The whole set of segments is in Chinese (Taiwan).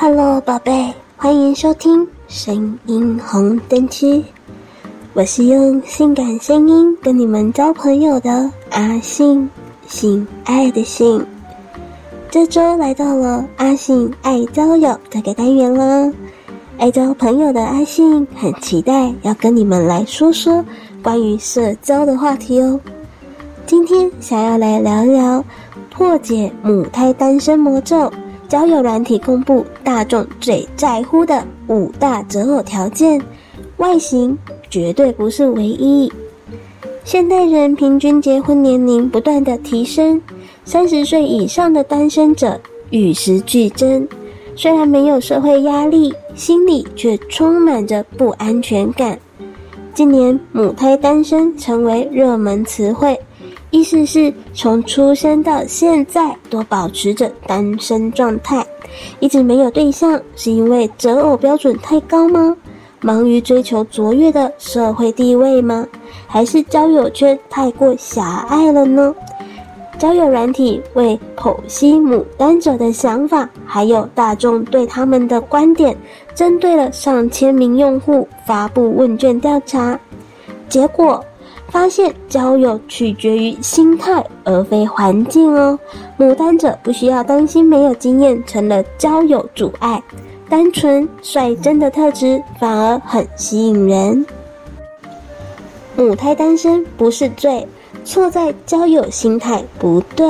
Hello，寶貝，歡迎收聽《聲音紅燈區》，我是用性感聲音跟你們交朋友的阿性，性愛的性。這周來到了阿性愛交友這個單元了，愛交朋友的阿性很期待要跟你們來說說關於社交的話題哦。今天想要來聊一聊破解母胎單身魔咒。交友軟體公布大眾最在乎的五大擇偶條件，外型絕對不是唯一。現代人平均結婚年齡不斷的提升，三十歲以上的單身者與日俱增。雖然沒有社會壓力，心裡卻充滿着不安全感。近年，母胎單身成為熱門詞彙。意思是，從出生到現在都保持着單身狀態，一直沒有對象，是因為擇偶標準太高嗎？忙於追求卓越的社會地位嗎？還是交友圈太過狹隘了呢？交友軟體為剖析母單者的想法，還有大眾對他們的觀點，針對了上千名用戶發布問卷調查。結果，發現交友取決於心態，而非環境哦。母單者不需要擔心沒有經驗成了交友阻礙，單純率真的特質反而很吸引人。母胎單身不是罪，錯在交友心態不對。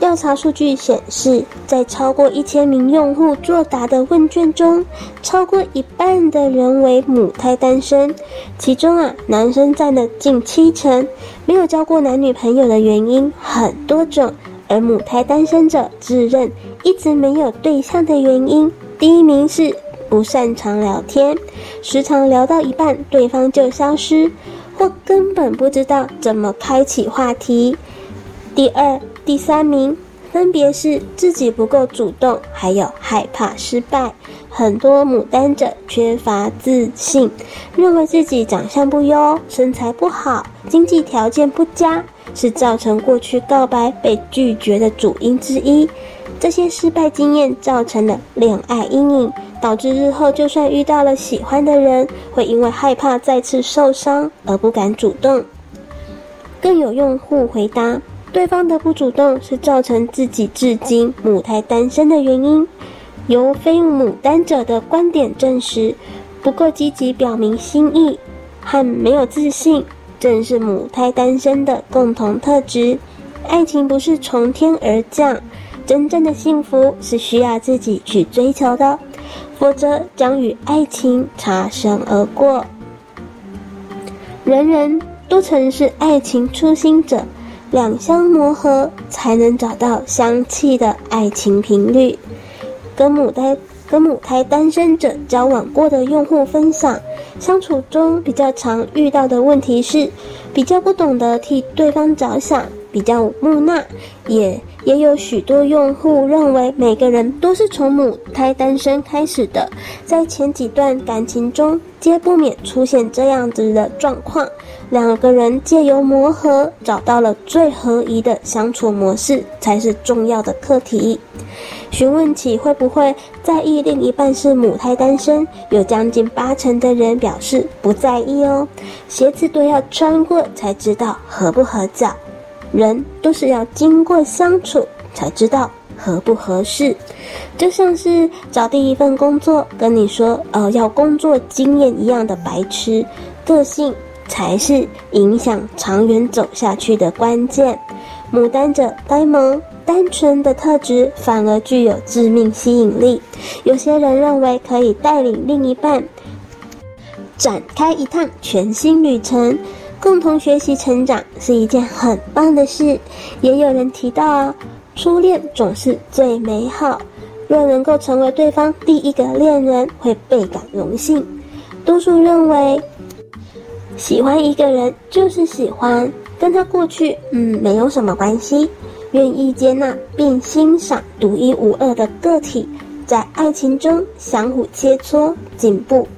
調查數據顯示，在超過一千名用戶作答的問卷中，超過一半的人為母胎單身，其中啊，男生占了近七成，沒有交過男女朋友的原因很多種，而母胎單身者自認一直沒有對象的原因，第一名是不擅長聊天，時常聊到一半對方就消失，或根本不知道怎麼開啟話題。第二。第三名分別是自己不夠主動，還有害怕失敗。很多母單者缺乏自信，認為自己長相不優、身材不好、經濟條件不佳，是造成過去告白被拒絕的主因之一。這些失敗經驗造成了戀愛陰影，導致日後就算遇到了喜歡的人，會因為害怕再次受傷而不敢主動。更有用戶回答。對方的不主動是造成自己至今母胎單身的原因。由非母單者的觀點證實，不夠積極表明心意和沒有自信，正是母胎單身的共同特質。愛情不是從天而降，真正的幸福是需要自己去追求的，否則將與愛情擦身而過。人人都曾是愛情初心者。兩相磨合才能找到相契的愛情頻率。跟母胎跟母胎單身者交往過的用戶分享，相處中比較常遇到的問題是比較不懂得替對方着想，比較木訥。也也有許多用戶認為每個人都是從母胎單身開始的，在前幾段感情中皆不免出現這樣子的狀況。兩個人借由磨合，找到了最合宜的相處模式，才是重要的課題。詢問起會不會在意另一半是母胎單身，有將近八成的人表示不在意哦。鞋子都要穿過才知道合不合腳，人都是要經過相處才知道合不合適。就像是找第一份工作，跟你說“呃，要工作經驗”一樣的白痴個性。才是影響長遠走下去的關鍵。母單者呆萌、單純的特質，反而具有致命吸引力。有些人認為可以帶領另一半展開一趟全新旅程，共同學習成長是一件很棒的事。也有人提到啊、哦，初戀總是最美好，若能夠成為對方第一個戀人，會倍感榮幸。多數認為。喜歡一個人就是喜歡，跟他過去，嗯，沒有什麼關係。願意接納並欣賞獨一無二的個體，在愛情中相互切磋進步。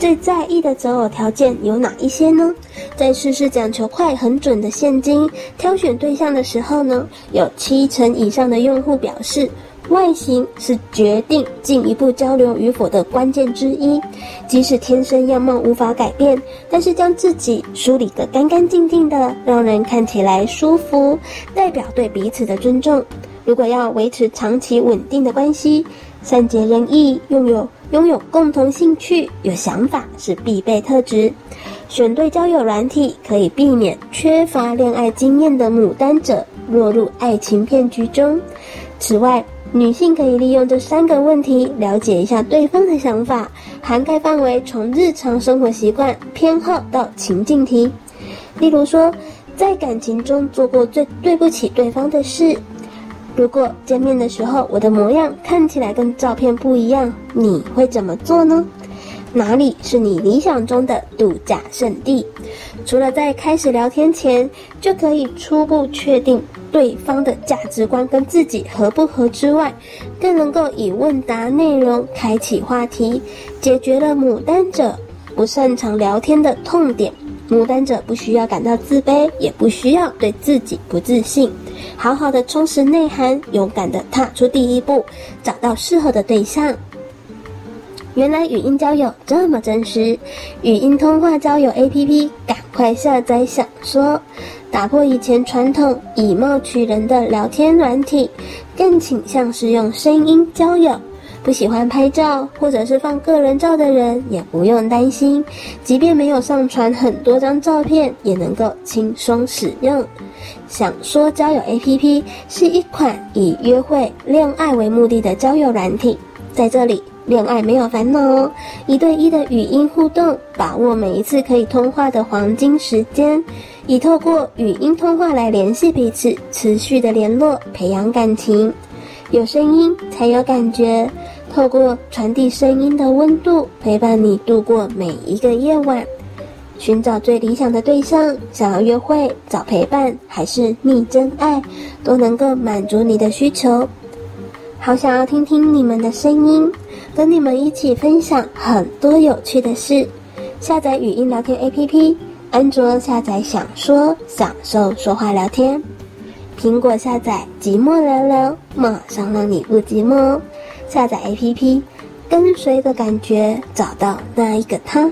最在意的擇偶條件有哪一些呢？在事事講求快、很準的現今，挑選對象的時候呢，有七成以上的用戶表示。外型是決定進一步交流與否的關鍵之一。即使天生樣貌無法改變，但是將自己梳理得乾乾淨淨的，讓人看起來舒服，代表對彼此的尊重。如果要維持長期穩定的關係，善解人意、擁有擁有共同興趣、有想法是必備特質。選對交友軟體，可以避免缺乏戀愛經驗的母單者落入愛情騙局中。此外，女性可以利用這三個問題了解一下對方的想法，涵蓋範圍從日常生活習慣、偏好到情境題。例如說，在感情中做過最對不起對方的事；如果見面的時候我的模樣看起來跟照片不一樣，你會怎麼做呢？哪裡是你理想中的度假勝地？除了在開始聊天前就可以初步確定對方的價值觀跟自己合不合之外，更能夠以問答內容開啟話題，解決了母單者不擅長聊天的痛點。母單者不需要感到自卑，也不需要對自己不自信，好好的充實內涵，勇敢的踏出第一步，找到適合的對象。原來語音交友這麼真實，語音通話交友 APP，趕快下載享說，打破以前傳統以貌取人的聊天軟體，更傾向使用聲音交友。不喜歡拍照或者是放個人照的人也不用擔心，即便沒有上傳很多張照片，也能夠輕鬆使用。享說交友 APP 是一款以約會戀愛為目的的交友軟體，在這裡。戀愛沒有煩惱哦，一對一的語音互動，把握每一次可以通話的黃金時間，以透過語音通話來聯繫彼此，持續的聯絡，培養感情，有聲音才有感覺，透過傳遞聲音的溫度，陪伴你度過每一個夜晚。尋找最理想的對象，想要約會，找陪伴，還是覓真愛，都能夠滿足你的需求。好想要聽聽你們的聲音，跟你們一起分享很多有趣的事。下載語音聊天 APP，安卓下載享說享受說話聊天，蘋果下載寂寞聊聊，馬上讓你不寂寞。下載 APP，跟隨的感覺找到那一個他。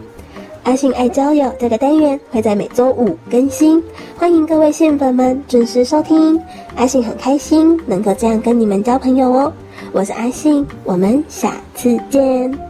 阿性愛交友這個單元會在每周五更新，歡迎各位性粉們準時收聽。阿性很開心能夠這樣跟你們交朋友哦，我是阿性，我們下次見。